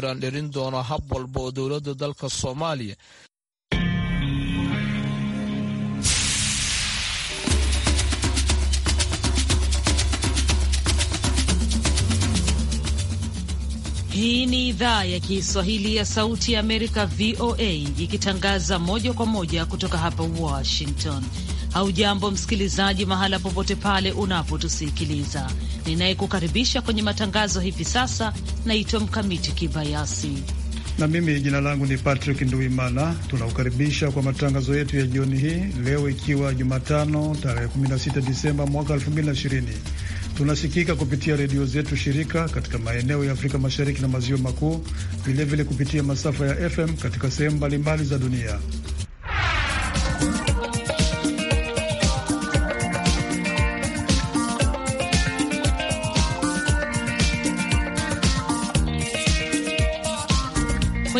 Iran dherin doono hab walba oo dowladda dalka Soomaaliya Hii ni idhaa ya Kiswahili ya Sauti ya Amerika, VOA, ikitangaza moja kwa moja kutoka hapa Washington. Haujambo msikilizaji, mahala popote pale unapotusikiliza. Ninayekukaribisha kwenye matangazo hivi sasa naitwa Mkamiti Kibayasi na mimi jina langu ni Patrick Nduimana. Tunakukaribisha kwa matangazo yetu ya jioni hii leo, ikiwa Jumatano tarehe 16 Disemba mwaka 2020. Tunasikika kupitia redio zetu shirika katika maeneo ya Afrika Mashariki na Maziwa Makuu, vilevile kupitia masafa ya FM katika sehemu mbalimbali za dunia.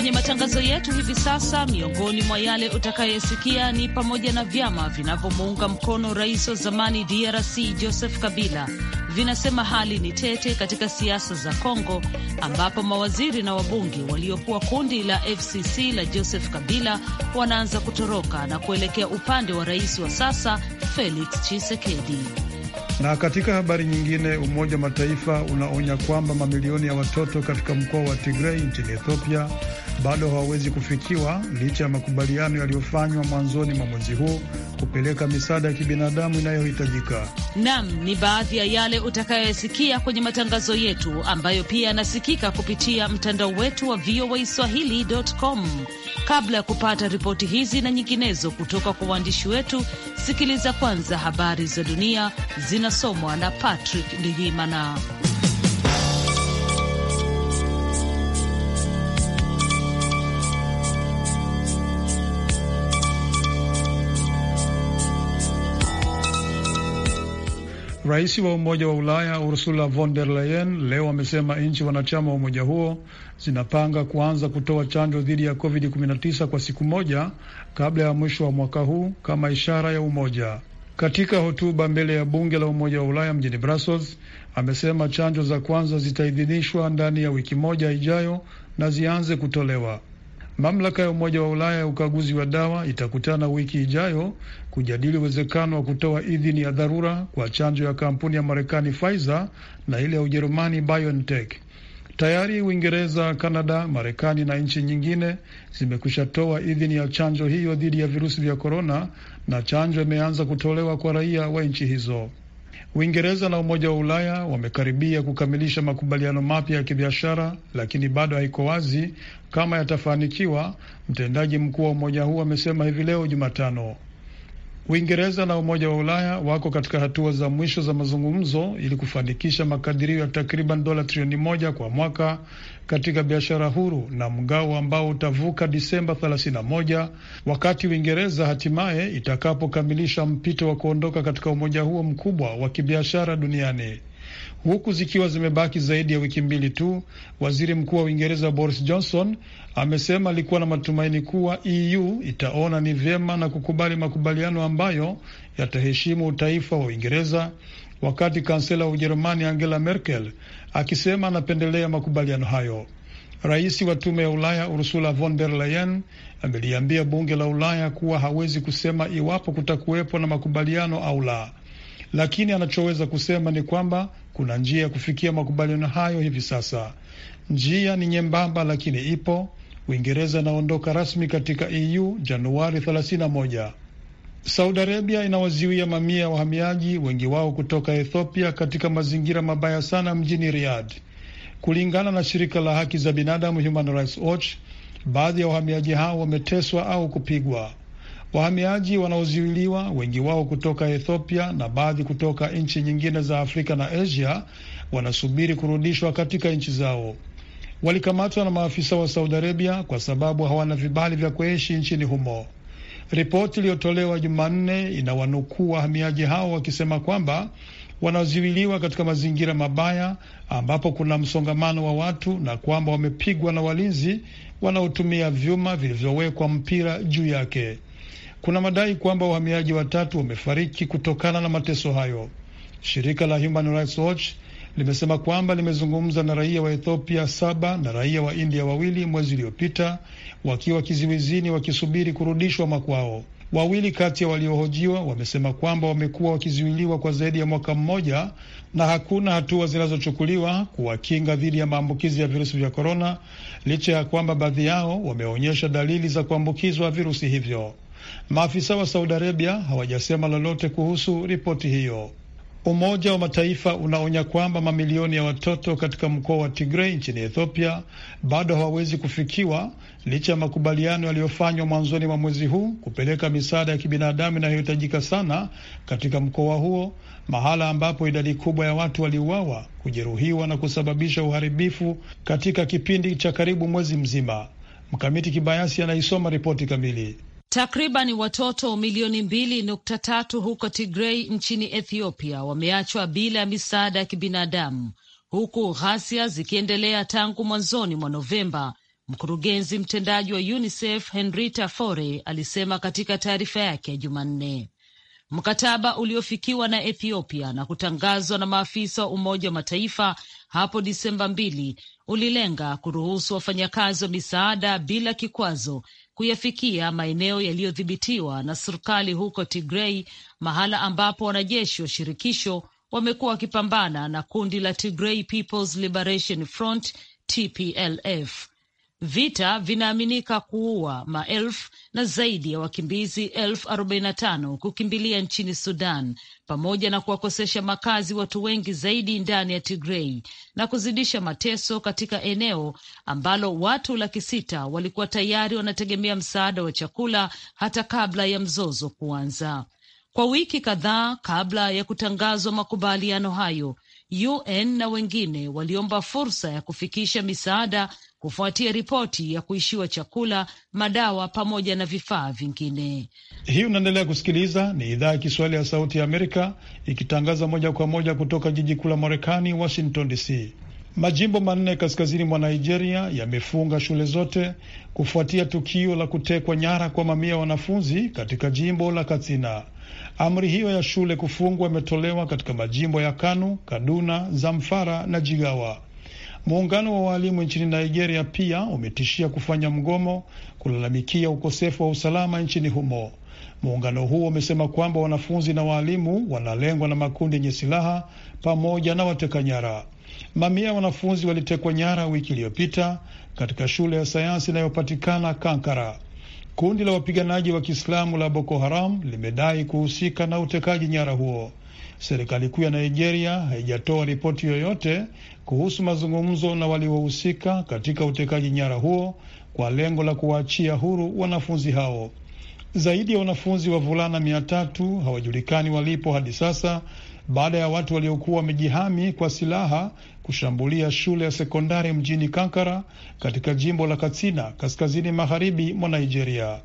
Kwenye matangazo yetu hivi sasa, miongoni mwa yale utakayesikia ni pamoja na vyama vinavyomuunga mkono rais wa zamani DRC Joseph Kabila vinasema hali ni tete katika siasa za Kongo, ambapo mawaziri na wabunge waliokuwa kundi la FCC la Joseph Kabila wanaanza kutoroka na kuelekea upande wa rais wa sasa Felix Tshisekedi. Na katika habari nyingine, Umoja wa Mataifa unaonya kwamba mamilioni ya watoto katika mkoa wa tigrei nchini Ethiopia bado hawawezi kufikiwa licha ya makubaliano yaliyofanywa mwanzoni mwa mwezi huu kupeleka misaada ya kibinadamu inayohitajika. Nam ni baadhi ya yale utakayoyasikia kwenye matangazo yetu ambayo pia yanasikika kupitia mtandao wetu wa VOA Swahili.com. Kabla ya kupata ripoti hizi na nyinginezo kutoka kwa waandishi wetu, sikiliza kwanza habari za dunia zinasomwa na Patrick Ndihimana. Rais wa Umoja wa Ulaya Ursula von der Leyen leo amesema nchi wanachama wa umoja huo zinapanga kuanza kutoa chanjo dhidi ya COVID-19 kwa siku moja kabla ya mwisho wa mwaka huu kama ishara ya umoja. Katika hotuba mbele ya bunge la Umoja wa Ulaya mjini Brussels, amesema chanjo za kwanza zitaidhinishwa ndani ya wiki moja ijayo na zianze kutolewa. Mamlaka ya Umoja wa Ulaya ya ukaguzi wa dawa itakutana wiki ijayo kujadili uwezekano wa kutoa idhini ya dharura kwa chanjo ya kampuni ya Marekani Pfizer na ile ya Ujerumani BioNTech. Tayari Uingereza, Kanada, Marekani na nchi nyingine zimekwisha toa idhini ya chanjo hiyo dhidi ya virusi vya korona, na chanjo imeanza kutolewa kwa raia wa nchi hizo. Uingereza na Umoja wa Ulaya wamekaribia kukamilisha makubaliano mapya ya kibiashara, lakini bado haiko wazi kama yatafanikiwa, mtendaji mkuu wa umoja huo amesema hivi leo Jumatano. Uingereza na Umoja wa Ulaya wako katika hatua za mwisho za mazungumzo ili kufanikisha makadirio ya takriban dola trilioni moja kwa mwaka katika biashara huru na mgao ambao utavuka Disemba 31 wakati Uingereza hatimaye itakapokamilisha mpito wa kuondoka katika umoja huo mkubwa wa kibiashara duniani huku zikiwa zimebaki zaidi ya wiki mbili tu. Waziri Mkuu wa Uingereza Boris Johnson amesema alikuwa na matumaini kuwa EU itaona ni vyema na kukubali makubaliano ambayo yataheshimu utaifa wa Uingereza, wakati kansela wa Ujerumani Angela Merkel akisema anapendelea makubaliano hayo. Rais wa Tume ya Ulaya Ursula von der Leyen ameliambia bunge la Ulaya kuwa hawezi kusema iwapo kutakuwepo na makubaliano au la lakini anachoweza kusema ni kwamba kuna njia ya kufikia makubaliano hayo hivi sasa. Njia ni nyembamba, lakini ipo. Uingereza inaondoka rasmi katika EU Januari 31. Saudi Arabia inawaziwia mamia ya wahamiaji, wengi wao kutoka Ethiopia, katika mazingira mabaya sana mjini Riyadh. Kulingana na shirika la haki za binadamu Human Rights Watch, baadhi ya wahamiaji hao wameteswa au kupigwa. Wahamiaji wanaozuiliwa, wengi wao kutoka Ethiopia na baadhi kutoka nchi nyingine za Afrika na Asia, wanasubiri kurudishwa katika nchi zao. Walikamatwa na maafisa wa Saudi Arabia kwa sababu hawana vibali vya kuishi nchini humo. Ripoti iliyotolewa Jumanne inawanukuu wahamiaji hao wakisema kwamba wanaziwiliwa katika mazingira mabaya ambapo kuna msongamano wa watu na kwamba wamepigwa na walinzi wanaotumia vyuma vilivyowekwa mpira juu yake. Kuna madai kwamba wahamiaji watatu wamefariki kutokana na mateso hayo. Shirika la Human Rights Watch limesema kwamba limezungumza na raia wa Ethiopia saba na raia wa India wawili mwezi uliopita wakiwa kiziwizini wakisubiri kurudishwa makwao. Wawili kati ya waliohojiwa wamesema kwamba wamekuwa wakizuiliwa kwa zaidi ya mwaka mmoja na hakuna hatua zinazochukuliwa kuwakinga dhidi ya maambukizi ya virusi vya korona, licha ya kwamba baadhi yao wameonyesha dalili za kuambukizwa virusi hivyo. Maafisa wa Saudi Arabia hawajasema lolote kuhusu ripoti hiyo. Umoja wa Mataifa unaonya kwamba mamilioni ya watoto katika mkoa wa Tigrei nchini Ethiopia bado hawawezi kufikiwa licha ya makubaliano yaliyofanywa mwanzoni mwa mwezi huu kupeleka misaada ya kibinadamu inayohitajika sana katika mkoa huo, mahala ambapo idadi kubwa ya watu waliuawa, kujeruhiwa na kusababisha uharibifu katika kipindi cha karibu mwezi mzima. Mkamiti Kibayasi anaisoma ripoti kamili. Takriban watoto milioni mbili nukta tatu huko Tigrei nchini Ethiopia wameachwa bila ya misaada ya kibinadamu huku ghasia zikiendelea tangu mwanzoni mwa Novemba. Mkurugenzi mtendaji wa UNICEF Henrietta Fore alisema katika taarifa yake ya Jumanne mkataba uliofikiwa na Ethiopia na kutangazwa na maafisa wa Umoja wa Mataifa hapo Disemba mbili ulilenga kuruhusu wafanyakazi wa misaada bila kikwazo kuyafikia maeneo yaliyodhibitiwa na serikali huko Tigrei, mahala ambapo wanajeshi wa shirikisho wamekuwa wakipambana na kundi la Tigray People's Liberation Front TPLF. Vita vinaaminika kuua maelfu na zaidi ya wakimbizi elfu arobaini na tano kukimbilia nchini Sudan pamoja na kuwakosesha makazi watu wengi zaidi ndani ya Tigrei na kuzidisha mateso katika eneo ambalo watu laki sita walikuwa tayari wanategemea msaada wa chakula hata kabla ya mzozo kuanza. Kwa wiki kadhaa kabla ya kutangazwa makubaliano hayo, UN na wengine waliomba fursa ya kufikisha misaada kufuatia ripoti ya kuishiwa chakula, madawa pamoja na vifaa vingine. Hii unaendelea kusikiliza, ni idhaa ya Kiswahili ya Sauti ya Amerika ikitangaza moja kwa moja kutoka jiji kuu la Marekani, Washington DC. Majimbo manne kaskazini mwa Nigeria yamefunga shule zote kufuatia tukio la kutekwa nyara kwa mamia ya wanafunzi katika jimbo la Katsina. Amri hiyo ya shule kufungwa imetolewa katika majimbo ya Kano, Kaduna, Zamfara na Jigawa. Muungano wa waalimu nchini Nigeria pia umetishia kufanya mgomo kulalamikia ukosefu wa usalama nchini humo. Muungano huo umesema kwamba wanafunzi na waalimu wanalengwa na makundi yenye silaha pamoja na wateka nyara. Mamia ya wanafunzi walitekwa nyara wiki iliyopita katika shule ya sayansi inayopatikana Kankara. Kundi la wapiganaji wa Kiislamu la Boko Haram limedai kuhusika na utekaji nyara huo. Serikali kuu ya Nigeria haijatoa ripoti yoyote kuhusu mazungumzo na waliohusika katika utekaji nyara huo kwa lengo la kuwaachia huru wanafunzi hao. Zaidi ya wanafunzi wa vulana mia tatu hawajulikani walipo hadi sasa baada ya watu waliokuwa wamejihami kwa silaha kushambulia shule ya sekondari mjini Kankara katika jimbo la Katsina kaskazini magharibi mwa Nigeria.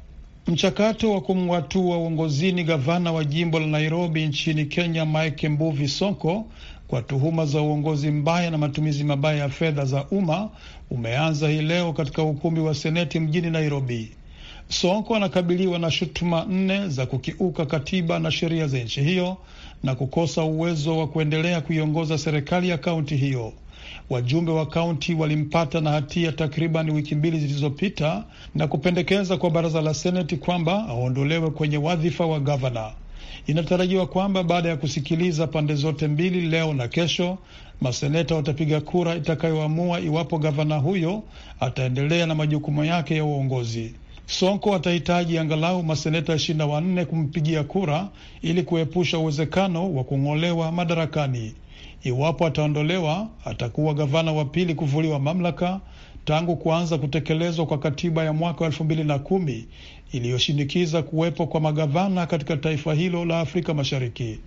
Mchakato wa kumwatua uongozini gavana wa jimbo la Nairobi nchini Kenya Mike Mbuvi Sonko kwa tuhuma za uongozi mbaya na matumizi mabaya ya fedha za umma umeanza hii leo katika ukumbi wa seneti mjini Nairobi. Sonko anakabiliwa na shutuma nne za kukiuka katiba na sheria za nchi hiyo na kukosa uwezo wa kuendelea kuiongoza serikali ya kaunti hiyo. Wajumbe wa kaunti walimpata na hatia takriban wiki mbili zilizopita na kupendekeza kwa baraza la seneti kwamba aondolewe kwenye wadhifa wa gavana. Inatarajiwa kwamba baada ya kusikiliza pande zote mbili leo na kesho, maseneta watapiga kura itakayoamua iwapo gavana huyo ataendelea na majukumu yake ya uongozi. Sonko atahitaji angalau maseneta ishirini na wanne kumpigia kura ili kuepusha uwezekano wa kung'olewa madarakani. Iwapo ataondolewa, atakuwa gavana wa pili kuvuliwa mamlaka tangu kuanza kutekelezwa kwa katiba ya mwaka wa elfu mbili na kumi iliyoshinikiza kuwepo kwa magavana katika taifa hilo la Afrika Mashariki.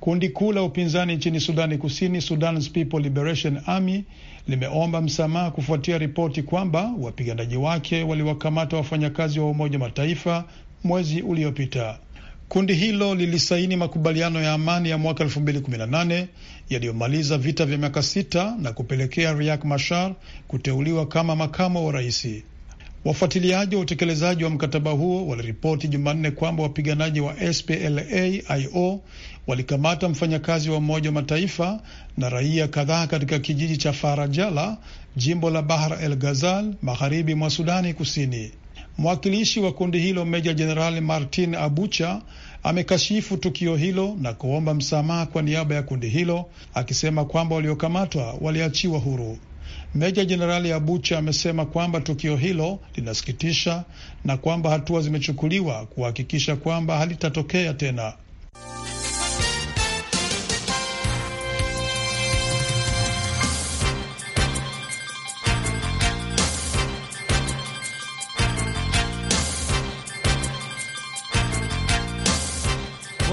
Kundi kuu la upinzani nchini Sudani Kusini, Sudan's People Liberation Army, limeomba msamaha kufuatia ripoti kwamba wapiganaji wake waliwakamata wafanyakazi wa Umoja Mataifa mwezi uliopita. Kundi hilo lilisaini makubaliano ya amani ya mwaka 2018 yaliyomaliza vita vya miaka sita na kupelekea riak mashar kuteuliwa kama makamo wa raisi. Wafuatiliaji wa utekelezaji wa mkataba huo waliripoti Jumanne kwamba wapiganaji wa SPLA-IO walikamata mfanyakazi wa Umoja wa Mataifa na raia kadhaa katika kijiji cha Farajala, jimbo la Bahar el Ghazal, magharibi mwa Sudani Kusini. Mwakilishi wa kundi hilo Meja Jenerali Martin Abucha amekashifu tukio hilo na kuomba msamaha kwa niaba ya kundi hilo, akisema kwamba waliokamatwa waliachiwa huru. Meja Jenerali Abucha amesema kwamba tukio hilo linasikitisha na kwamba hatua zimechukuliwa kuhakikisha kwamba halitatokea tena.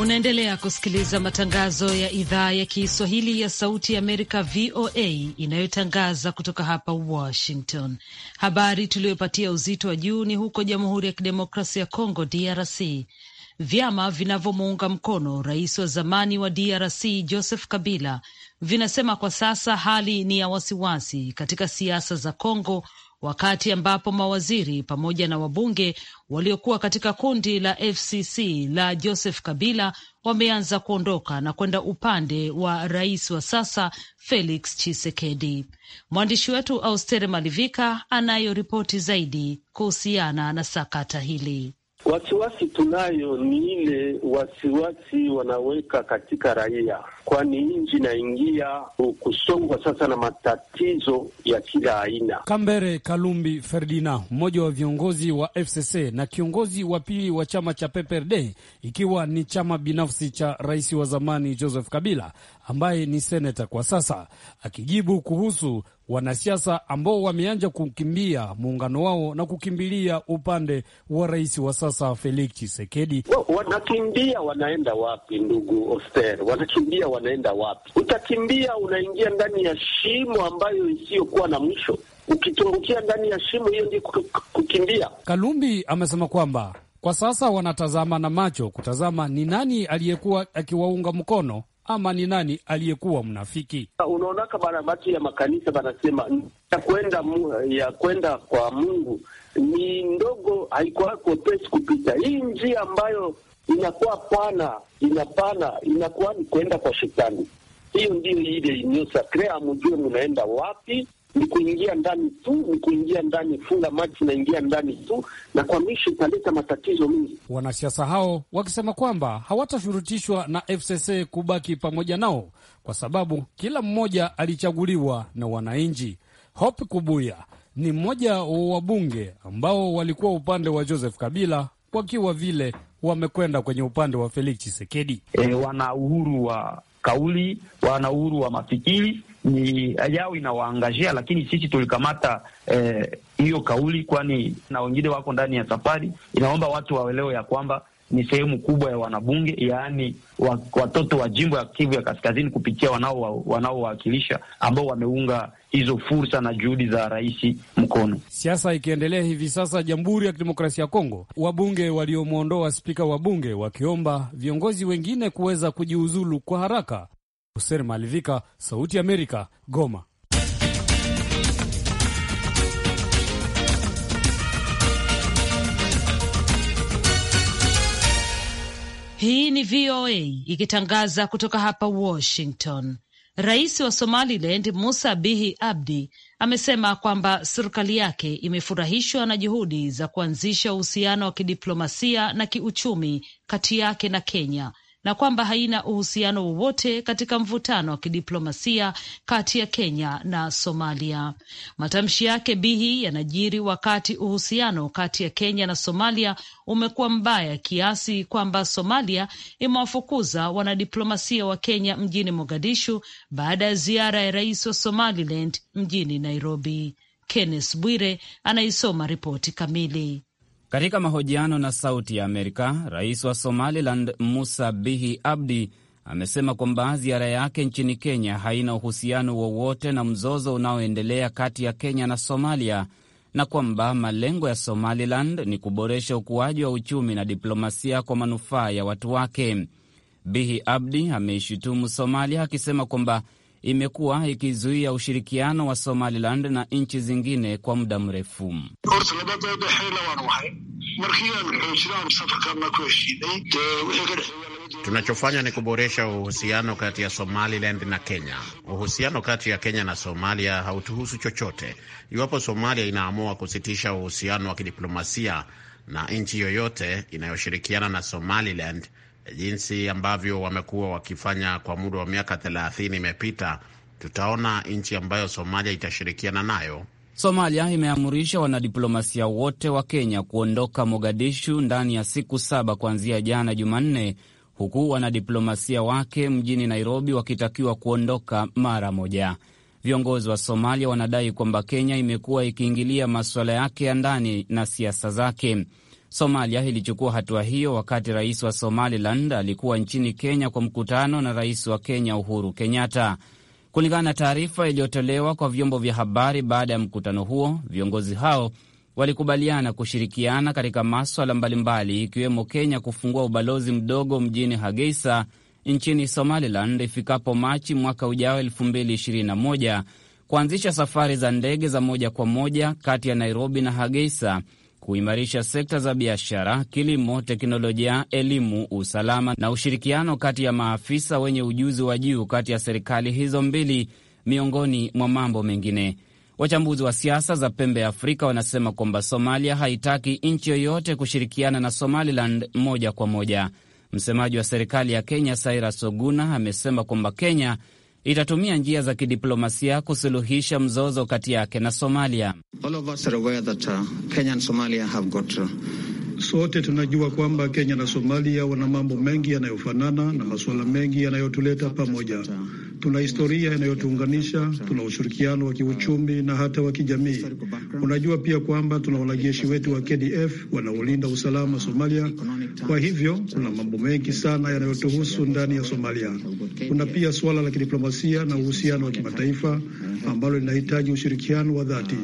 Unaendelea kusikiliza matangazo ya idhaa ya Kiswahili ya Sauti ya Amerika, VOA, inayotangaza kutoka hapa Washington. Habari tuliyopatia uzito wa juu ni huko Jamhuri ya Kidemokrasia ya Kongo, DRC. Vyama vinavyomuunga mkono rais wa zamani wa DRC Joseph Kabila vinasema kwa sasa hali ni ya wasiwasi katika siasa za Kongo wakati ambapo mawaziri pamoja na wabunge waliokuwa katika kundi la FCC la Joseph Kabila wameanza kuondoka na kwenda upande wa rais wa sasa Felix chisekedi Mwandishi wetu Austere Malivika anayo ripoti zaidi kuhusiana na sakata hili. Wasiwasi tunayo ni ile wasiwasi wanaweka katika raia, kwani nchi inaingia kusongwa sasa na matatizo ya kila aina. Kambere Kalumbi Ferdinand, mmoja wa viongozi wa FCC na kiongozi wa pili wa chama cha PPRD, ikiwa ni chama binafsi cha rais wa zamani Joseph Kabila, ambaye ni seneta kwa sasa, akijibu kuhusu wanasiasa ambao wameanza kukimbia muungano wao na kukimbilia upande wa rais wa sasa Felix chisekedi Wanakimbia wanaenda wapi, ndugu Oster? Wanakimbia wanaenda wapi? Utakimbia unaingia ndani ya shimo ambayo isiyokuwa na mwisho. Ukitumbukia ndani ya shimo hiyo ndio kukimbia. Kalumbi amesema kwamba kwa sasa wanatazama na macho kutazama ni nani aliyekuwa akiwaunga mkono ama ni nani aliyekuwa mnafiki? Unaonaka bana batu ya makanisa banasema ya kwenda ya kwenda kwa Mungu ni ndogo, haikuwako pesi kupita hii njia ambayo inakuwa pana inapana inakuwa ni kwenda kwa shetani. Hiyo ndiyo ile inyo sakre, amujue munaenda wapi ni kuingia ndani tu, ni kuingia ndani, funga maji naingia ndani tu, na kwa mishi italeta matatizo mengi. Wanasiasa hao wakisema kwamba hawatashurutishwa na FCC kubaki pamoja nao kwa sababu kila mmoja alichaguliwa na wananchi. Hope Kubuya ni mmoja wa wabunge ambao walikuwa upande wa Joseph Kabila wakiwa vile wamekwenda kwenye upande wa Felix Chisekedi. E, eh, wana uhuru wa kauli, wana uhuru wa mafikiri ni yao inawaangazia, lakini sisi tulikamata eh, hiyo eh, kauli, kwani na wengine wako ndani ya safari. Inaomba watu waelewe ya kwamba ni sehemu kubwa ya wanabunge, yaani watoto wa jimbo ya Kivu ya Kaskazini kupitia wanaowakilisha wanao ambao wameunga hizo fursa na juhudi za rais mkono. Siasa ikiendelea hivi sasa Jamhuri ya Kidemokrasia ya Kongo, wabunge waliomwondoa spika wa bunge wakiomba viongozi wengine kuweza kujiuzulu kwa haraka Hoser Malivika, Sauti ya Amerika, Goma. Hii ni VOA ikitangaza kutoka hapa Washington. Rais wa Somaliland Musa Bihi Abdi amesema kwamba serikali yake imefurahishwa na juhudi za kuanzisha uhusiano wa kidiplomasia na kiuchumi kati yake na Kenya na kwamba haina uhusiano wowote katika mvutano wa kidiplomasia kati ya Kenya na Somalia. Matamshi yake Bihi yanajiri wakati uhusiano kati ya Kenya na Somalia umekuwa mbaya kiasi kwamba Somalia imewafukuza wanadiplomasia wa Kenya mjini Mogadishu baada ya ziara ya rais wa Somaliland mjini Nairobi. Kenneth Bwire anaisoma ripoti kamili. Katika mahojiano na Sauti ya Amerika, rais wa Somaliland Musa Bihi Abdi amesema kwamba ziara yake nchini Kenya haina uhusiano wowote na mzozo unaoendelea kati ya Kenya na Somalia na kwamba malengo ya Somaliland ni kuboresha ukuaji wa uchumi na diplomasia kwa manufaa ya watu wake. Bihi Abdi ameishutumu Somalia akisema kwamba imekuwa ikizuia ushirikiano wa Somaliland na nchi zingine kwa muda mrefu. Tunachofanya ni kuboresha uhusiano kati ya Somaliland na Kenya. Uhusiano kati ya Kenya na Somalia hautuhusu chochote. Iwapo Somalia inaamua kusitisha uhusiano wa kidiplomasia na nchi yoyote inayoshirikiana na Somaliland, jinsi ambavyo wamekuwa wakifanya kwa muda wa miaka thelathini imepita, tutaona nchi ambayo Somalia itashirikiana nayo. Somalia imeamurisha wanadiplomasia wote wa Kenya kuondoka Mogadishu ndani ya siku saba kuanzia jana Jumanne, huku wanadiplomasia wake mjini Nairobi wakitakiwa kuondoka mara moja. Viongozi wa Somalia wanadai kwamba Kenya imekuwa ikiingilia masuala yake ya ndani na siasa zake. Somalia ilichukua hatua hiyo wakati rais wa Somaliland alikuwa nchini Kenya kwa mkutano na rais wa Kenya Uhuru Kenyatta. Kulingana na taarifa iliyotolewa kwa vyombo vya habari baada ya mkutano huo, viongozi hao walikubaliana kushirikiana katika maswala mbalimbali, ikiwemo Kenya kufungua ubalozi mdogo mjini Hageisa nchini Somaliland ifikapo Machi mwaka ujao 2021, kuanzisha safari za ndege za moja kwa moja kati ya Nairobi na Hageisa kuimarisha sekta za biashara, kilimo, teknolojia, elimu, usalama na ushirikiano kati ya maafisa wenye ujuzi wa juu kati ya serikali hizo mbili, miongoni mwa mambo mengine. Wachambuzi wa siasa za pembe ya Afrika wanasema kwamba Somalia haitaki nchi yoyote kushirikiana na Somaliland moja kwa moja. Msemaji wa serikali ya Kenya Cyrus Oguna amesema kwamba Kenya itatumia njia za kidiplomasia kusuluhisha mzozo kati yake na Somalia. Uh, uh, Sote tunajua kwamba Kenya na Somalia wana mambo mengi yanayofanana na masuala mengi yanayotuleta pamoja. Uh, Tuna historia inayotuunganisha, tuna ushirikiano wa kiuchumi na hata wa kijamii. Unajua pia kwamba tuna wanajeshi wetu wa KDF wanaolinda usalama Somalia. Kwa hivyo kuna mambo mengi sana yanayotuhusu ndani ya Somalia. Kuna pia suala la kidiplomasia na uhusiano wa kimataifa ambalo linahitaji ushirikiano wa dhati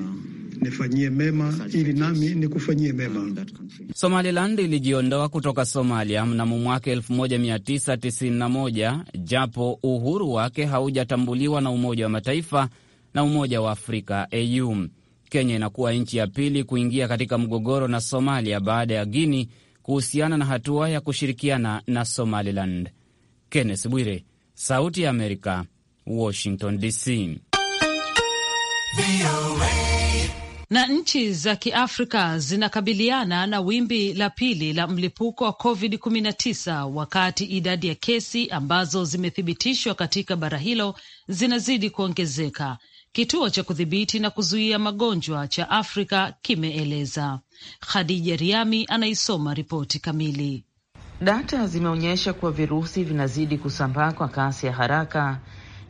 nifanyie mema ili nami nikufanyie mema. Somaliland ilijiondoa kutoka Somalia mnamo mwaka 1991 japo uhuru wake haujatambuliwa na Umoja wa Mataifa na Umoja wa Afrika AU. Kenya inakuwa nchi ya pili kuingia katika mgogoro na Somalia baada ya Guini kuhusiana na hatua ya kushirikiana na Somaliland. Kenneth Bwire, Sauti ya Amerika, Washington DC na nchi za Kiafrika zinakabiliana na wimbi la pili la mlipuko wa COVID-19 wakati idadi ya kesi ambazo zimethibitishwa katika bara hilo zinazidi kuongezeka. Kituo cha kudhibiti na kuzuia magonjwa cha Afrika kimeeleza. Khadija Riami anaisoma ripoti kamili. Data zimeonyesha kuwa virusi vinazidi kusambaa kwa kasi ya haraka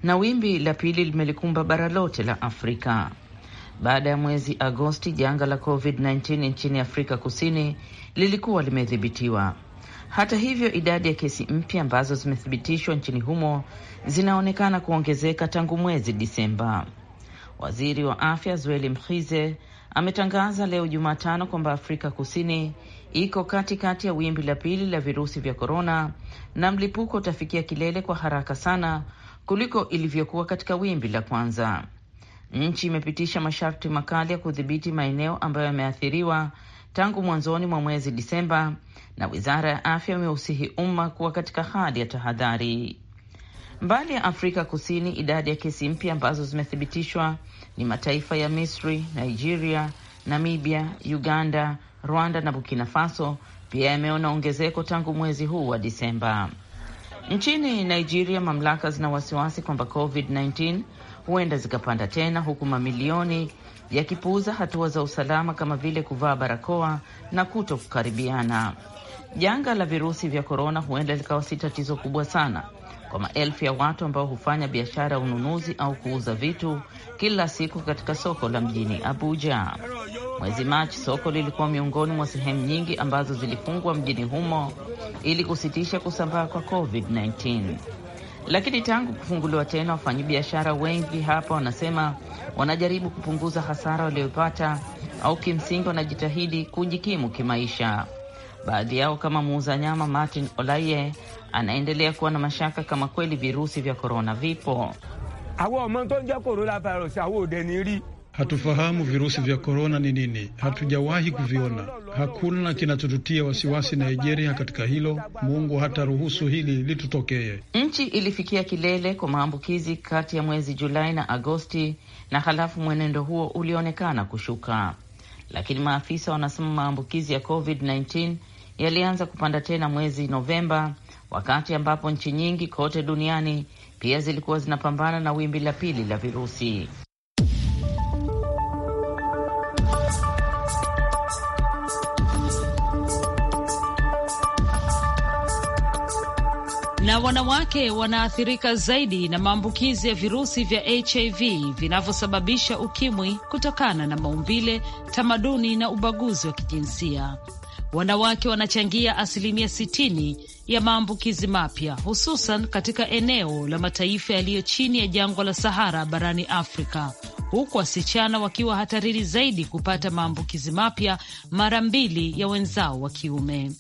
na wimbi la pili limelikumba bara lote la Afrika. Baada ya mwezi Agosti, janga la COVID-19 nchini Afrika Kusini lilikuwa limedhibitiwa. Hata hivyo, idadi ya kesi mpya ambazo zimethibitishwa nchini humo zinaonekana kuongezeka tangu mwezi Disemba. Waziri wa afya Zweli Mkhize ametangaza leo Jumatano kwamba Afrika Kusini iko katikati ya wimbi la pili la virusi vya korona na mlipuko utafikia kilele kwa haraka sana kuliko ilivyokuwa katika wimbi la kwanza. Nchi imepitisha masharti makali ya kudhibiti maeneo ambayo yameathiriwa tangu mwanzoni mwa mwezi Disemba, na wizara ya afya imeusihi umma kuwa katika hali ya tahadhari. Mbali ya Afrika Kusini, idadi ya kesi mpya ambazo zimethibitishwa ni mataifa ya Misri, Nigeria, Namibia, Uganda, Rwanda na Burkina Faso pia yameona ongezeko tangu mwezi huu wa Disemba. Nchini Nigeria, mamlaka zina wasiwasi kwamba COVID-19 huenda zikapanda tena, huku mamilioni yakipuuza hatua za usalama kama vile kuvaa barakoa na kuto kukaribiana. Janga la virusi vya korona huenda likawa si tatizo kubwa sana kwa maelfu ya watu ambao hufanya biashara ya ununuzi au kuuza vitu kila siku katika soko la mjini Abuja. Mwezi Machi, soko lilikuwa miongoni mwa sehemu nyingi ambazo zilifungwa mjini humo ili kusitisha kusambaa kwa COVID-19. Lakini tangu kufunguliwa tena, wafanyabiashara wengi hapa wanasema wanajaribu kupunguza hasara waliyopata au kimsingi wanajitahidi kujikimu kimaisha. Baadhi yao kama muuza nyama Martin Olaye anaendelea kuwa na mashaka kama kweli virusi vya korona vipo. awo Hatufahamu virusi vya korona ni nini, hatujawahi kuviona. Hakuna kinachotutia wasiwasi Nigeria katika hilo. Mungu hataruhusu hili litutokee. Nchi ilifikia kilele kwa maambukizi kati ya mwezi Julai na Agosti, na halafu mwenendo huo ulionekana kushuka, lakini maafisa wanasema maambukizi ya COVID-19 yalianza kupanda tena mwezi Novemba, wakati ambapo nchi nyingi kote duniani pia zilikuwa zinapambana na wimbi la pili la virusi. na wanawake wanaathirika zaidi na maambukizi ya virusi vya HIV vinavyosababisha ukimwi kutokana na maumbile, tamaduni na ubaguzi wa kijinsia. Wanawake wanachangia asilimia 60 ya maambukizi mapya, hususan katika eneo la mataifa yaliyo chini ya jangwa la Sahara barani Afrika, huku wasichana wakiwa hatarini zaidi kupata maambukizi mapya, mara mbili ya wenzao wa kiume.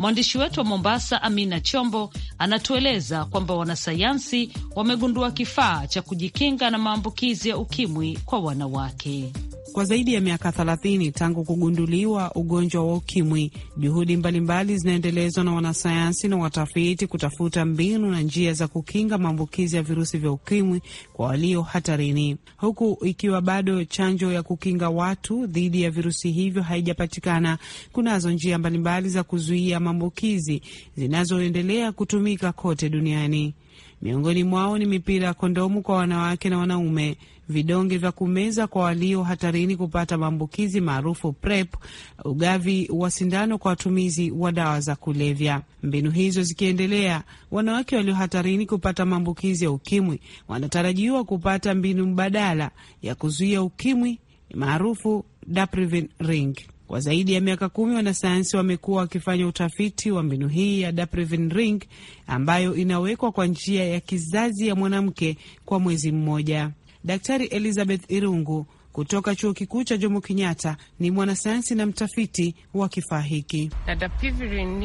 Mwandishi wetu wa Mombasa, Amina Chombo, anatueleza kwamba wanasayansi wamegundua kifaa cha kujikinga na maambukizi ya ukimwi kwa wanawake. Kwa zaidi ya miaka 30 tangu kugunduliwa ugonjwa wa ukimwi, juhudi mbalimbali zinaendelezwa na wanasayansi na watafiti kutafuta mbinu na njia za kukinga maambukizi ya virusi vya ukimwi kwa walio hatarini, huku ikiwa bado chanjo ya kukinga watu dhidi ya virusi hivyo haijapatikana. Kunazo njia mbalimbali za kuzuia maambukizi zinazoendelea kutumika kote duniani. Miongoni mwao ni mipira ya kondomu kwa wanawake na wanaume, vidonge vya kumeza kwa walio hatarini kupata maambukizi maarufu PrEP, ugavi wa sindano kwa watumizi wa dawa za kulevya. Mbinu hizo zikiendelea, wanawake walio hatarini kupata maambukizi ya ukimwi wanatarajiwa kupata mbinu mbadala ya kuzuia ukimwi maarufu Daprivin Ring. Kwa zaidi ya miaka kumi, wanasayansi wamekuwa wakifanya utafiti wa mbinu hii ya ring ambayo inawekwa kwa njia ya kizazi ya mwanamke kwa mwezi mmoja. Daktari Elizabeth Irungu kutoka chuo kikuu cha Jomo Kenyatta ni mwanasayansi na mtafiti wa kifaa hiki. Ring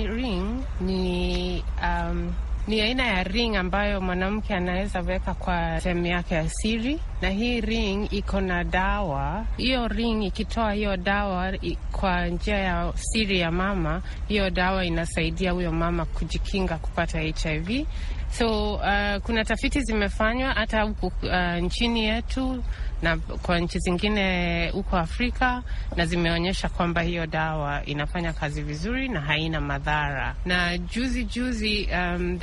ni um ni aina ya ring ambayo mwanamke anaweza weka kwa sehemu yake ya siri, na hii ring iko na dawa. Hiyo ring ikitoa hiyo dawa kwa njia ya siri ya mama, hiyo dawa inasaidia huyo mama kujikinga kupata HIV. So uh, kuna tafiti zimefanywa hata huku uh, nchini yetu na kwa nchi zingine huko Afrika, na zimeonyesha kwamba hiyo dawa inafanya kazi vizuri na haina madhara. Na juzi juzi, um,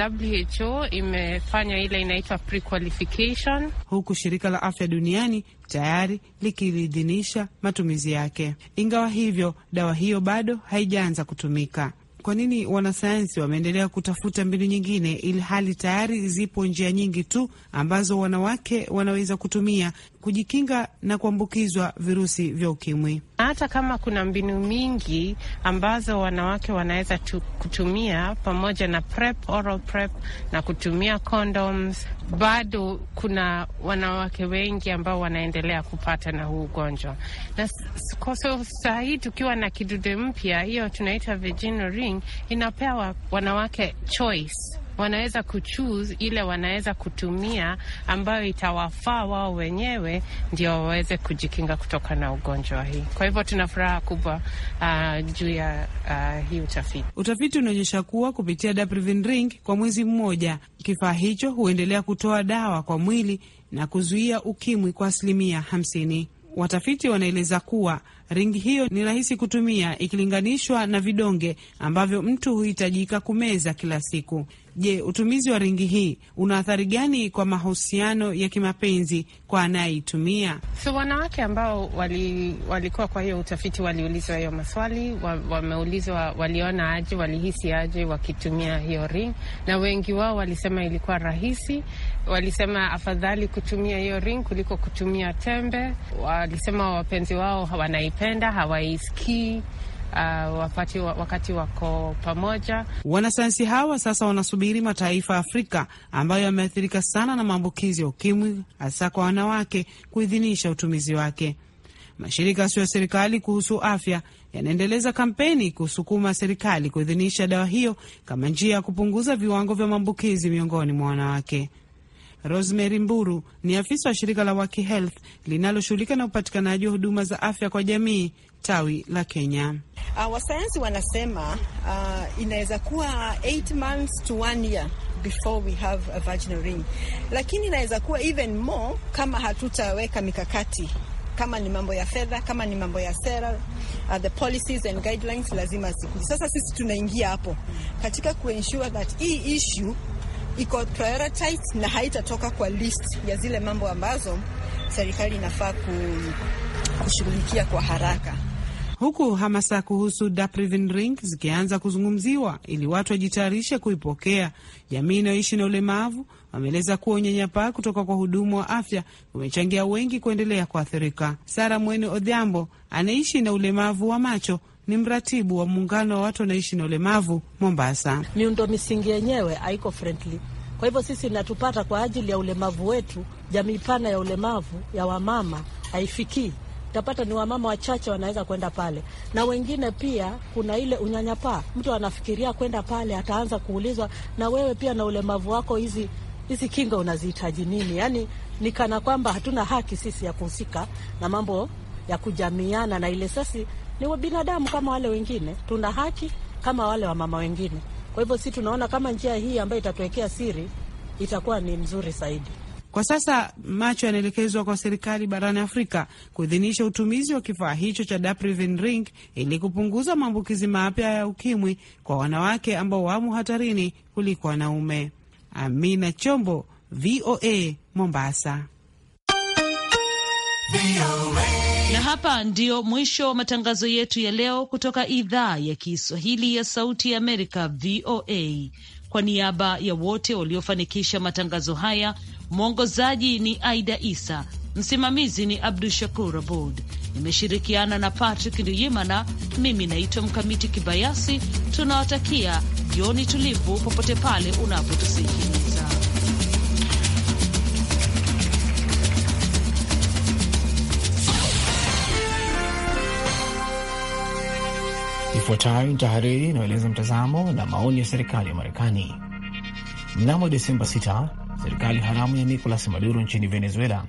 WHO imefanya ile inaitwa prequalification, huku shirika la afya duniani tayari likiidhinisha matumizi yake. Ingawa hivyo, dawa hiyo bado haijaanza kutumika. Kwa nini wanasayansi wameendelea kutafuta mbinu nyingine, ili hali tayari zipo njia nyingi tu ambazo wanawake wanaweza kutumia kujikinga na kuambukizwa virusi vya ukimwi. Hata kama kuna mbinu mingi ambazo wanawake wanaweza tu, kutumia pamoja na prep, oral prep na kutumia condoms, bado kuna wanawake wengi ambao wanaendelea kupata na huu ugonjwa, na kwa saa hii tukiwa na kidude mpya hiyo tunaita ring, inapewa wanawake choice wanaweza kuchoose ile wanaweza kutumia ambayo itawafaa wao wenyewe, ndio waweze kujikinga kutoka na ugonjwa hii. Kwa hivyo tuna furaha kubwa uh, juu ya uh, hii utafiti. Utafiti unaonyesha kuwa kupitia Daprivin Ring kwa mwezi mmoja, kifaa hicho huendelea kutoa dawa kwa mwili na kuzuia ukimwi kwa asilimia hamsini. Watafiti wanaeleza kuwa ringi hiyo ni rahisi kutumia ikilinganishwa na vidonge ambavyo mtu huhitajika kumeza kila siku. Je, utumizi wa ringi hii una athari gani kwa mahusiano ya kimapenzi kwa anayeitumia? So wanawake ambao wali, walikuwa kwa hiyo utafiti waliulizwa hiyo maswali, wameulizwa waliona aje, walihisi aje wakitumia hiyo ring, na wengi wao walisema ilikuwa rahisi. Walisema afadhali kutumia hiyo ring kuliko kutumia tembe. Walisema wapenzi wao wanaipenda, hawaisikii uh, wapati, wakati wako pamoja. Wanasayansi hawa sasa wanasubiri mataifa ya Afrika ambayo yameathirika sana na maambukizi ya ukimwi hasa kwa wanawake kuidhinisha utumizi wake. Mashirika yasiyo ya serikali kuhusu afya yanaendeleza kampeni kusukuma serikali kuidhinisha dawa hiyo kama njia ya kupunguza viwango vya maambukizi miongoni mwa wanawake. Rosemary Mburu ni afisa wa shirika la Waki Health linaloshughulika na upatikanaji wa huduma za afya kwa jamii tawi la Kenya. Uh, wasayansi wanasema uh, inaweza kuwa 8 months to 1 year before we have a vaginal ring, lakini inaweza kuwa even more kama hatutaweka mikakati kama ni mambo ya fedha, kama ni mambo ya sera, uh, the policies and guidelines lazima zikuji. Sasa sisi tunaingia hapo katika kuensure that hii issue iko prioritized na haitatoka kwa list ya zile mambo ambazo serikali inafaa kushughulikia kwa haraka. Huku hamasa kuhusu Daprivin Ring zikianza kuzungumziwa ili watu wajitayarishe kuipokea, jamii inayoishi na ulemavu wameeleza kuwa unyanyapaa kutoka kwa hudumu wa afya umechangia wengi kuendelea kuathirika. Sara Mwene Odhiambo anaishi na ulemavu wa macho ni mratibu wa muungano wa watu wanaishi na ulemavu Mombasa. Miundo misingi yenyewe haiko friendly, kwa hivyo sisi natupata kwa ajili ya ulemavu wetu. Jamii pana ya ulemavu ya wamama haifikii utapata ni wamama wachache wanaweza kwenda pale, na wengine pia kuna ile unyanyapaa. Mtu anafikiria kwenda pale, ataanza kuulizwa, na wewe pia na ulemavu wako, hizi hizi kinga unazihitaji nini? Yani ni kana kwamba hatuna haki sisi ya kuhusika na mambo ya kujamiana na ile sasi ni binadamu kama wale wengine, tuna haki kama wale wamama wengine. Kwa hivyo si tunaona kama njia hii ambayo itatuwekea siri itakuwa ni mzuri zaidi. Kwa sasa macho yanaelekezwa kwa serikali barani Afrika kuidhinisha utumizi wa kifaa hicho cha Dapriven Ring ili kupunguza maambukizi mapya ya ukimwi kwa wanawake ambao wamo hatarini kuliko wanaume. Amina Chombo, VOA, Mombasa hapa ndio mwisho wa matangazo yetu ya leo kutoka idhaa ya Kiswahili ya Sauti ya Amerika, VOA. Kwa niaba ya wote waliofanikisha matangazo haya, mwongozaji ni Aida Isa, msimamizi ni Abdu Shakur Abud. Nimeshirikiana na Patrick Nduyimana. Mimi naitwa Mkamiti Kibayasi. Tunawatakia jioni tulivu popote pale unapotusikia. Ifuatayo ni tahariri inayoeleza mtazamo na maoni ya serikali ya Marekani. Mnamo Desemba 6 serikali haramu ya Nicolas Maduro nchini Venezuela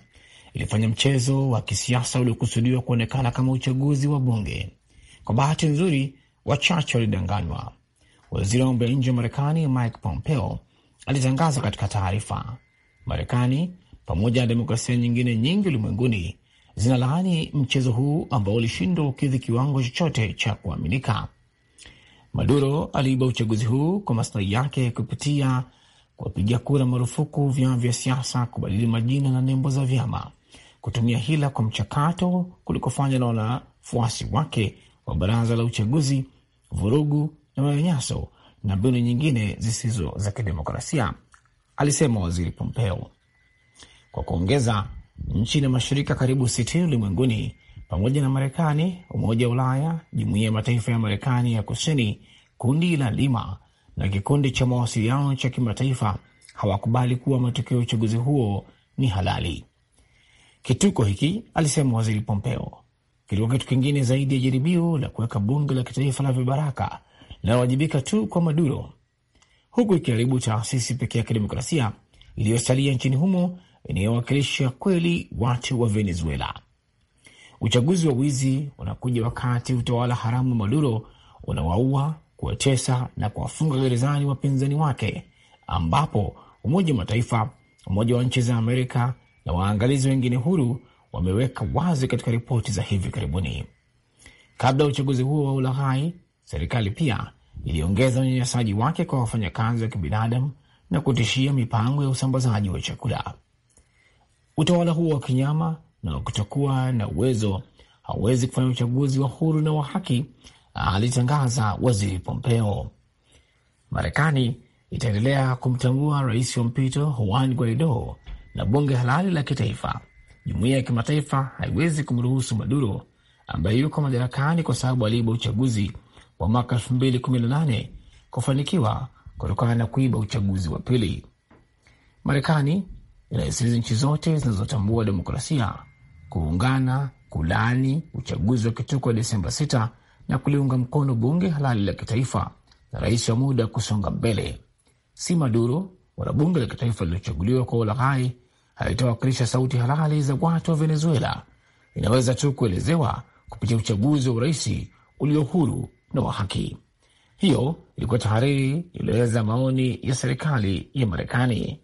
ilifanya mchezo wa kisiasa uliokusudiwa kuonekana kama uchaguzi wa bunge. Kwa bahati nzuri, wachache walidanganywa. Waziri wa mambo ya nje wa Marekani Mike Pompeo alitangaza katika taarifa, Marekani pamoja na demokrasia nyingine nyingi ulimwenguni zinalaani mchezo huu ambao ulishindwa ukidhi kiwango chochote cha kuaminika. Maduro aliiba uchaguzi huu kwa maslahi yake kupitia kuwapiga kura marufuku vyama vya siasa, kubadili majina na nembo za vyama, kutumia hila kwa mchakato kulikofanya na wanafuasi wake wa baraza la uchaguzi, vurugu na manyanyaso na mbinu nyingine zisizo za kidemokrasia, alisema Waziri Pompeo kwa kuongeza Nchi na mashirika karibu 60 ulimwenguni pamoja na Marekani, Umoja wa Ulaya, Jumuiya ya Mataifa ya Marekani ya Kusini, kundi la Lima na kikundi cha mawasiliano cha kimataifa hawakubali kuwa matokeo ya uchaguzi huo ni halali. Kituko hiki, alisema Waziri Pompeo, kilikuwa kitu kingine zaidi ya jaribio la kuweka bunge la kitaifa la vibaraka linalowajibika tu kwa Maduro, huku ikiharibu taasisi pekee ya kidemokrasia iliyosalia nchini humo inayowakilisha kweli watu wa Venezuela. Uchaguzi wa wizi unakuja wakati utawala haramu Maduro unawaua, kuwatesa na kuwafunga gerezani wapinzani wake, ambapo Umoja wa Mataifa, Umoja wa Nchi za Amerika na waangalizi wengine huru wameweka wazi katika ripoti za hivi karibuni. Kabla ya uchaguzi huo wa ulaghai, serikali pia iliongeza unyanyasaji wake kwa wafanyakazi wa kibinadamu na kutishia mipango ya usambazaji wa chakula. Utawala huo wa kinyama na kutokuwa na uwezo hauwezi kufanya uchaguzi wa huru na wa haki, alitangaza waziri Pompeo. Marekani itaendelea kumtangua rais wa mpito Juan Guaido na bunge halali la kitaifa. Jumuiya ya kimataifa haiwezi kumruhusu Maduro ambaye yuko madarakani kwa sababu aliiba uchaguzi wa mwaka 2018 kufanikiwa kutokana na kuiba uchaguzi wa pili. Marekani inayosilizi nchi zote zinazotambua demokrasia kuungana kulaani uchaguzi wa kituko wa Desemba 6 na kuliunga mkono bunge halali la kitaifa na rais wa muda kusonga mbele. Si Maduro wala bunge la kitaifa lililochaguliwa kwa ulaghai halitawakilisha sauti halali za watu wa Venezuela. Inaweza tu kuelezewa kupitia uchaguzi wa uraisi ulio huru na wa haki. Hiyo ilikuwa tahariri iliyoeleza maoni ya serikali ya Marekani.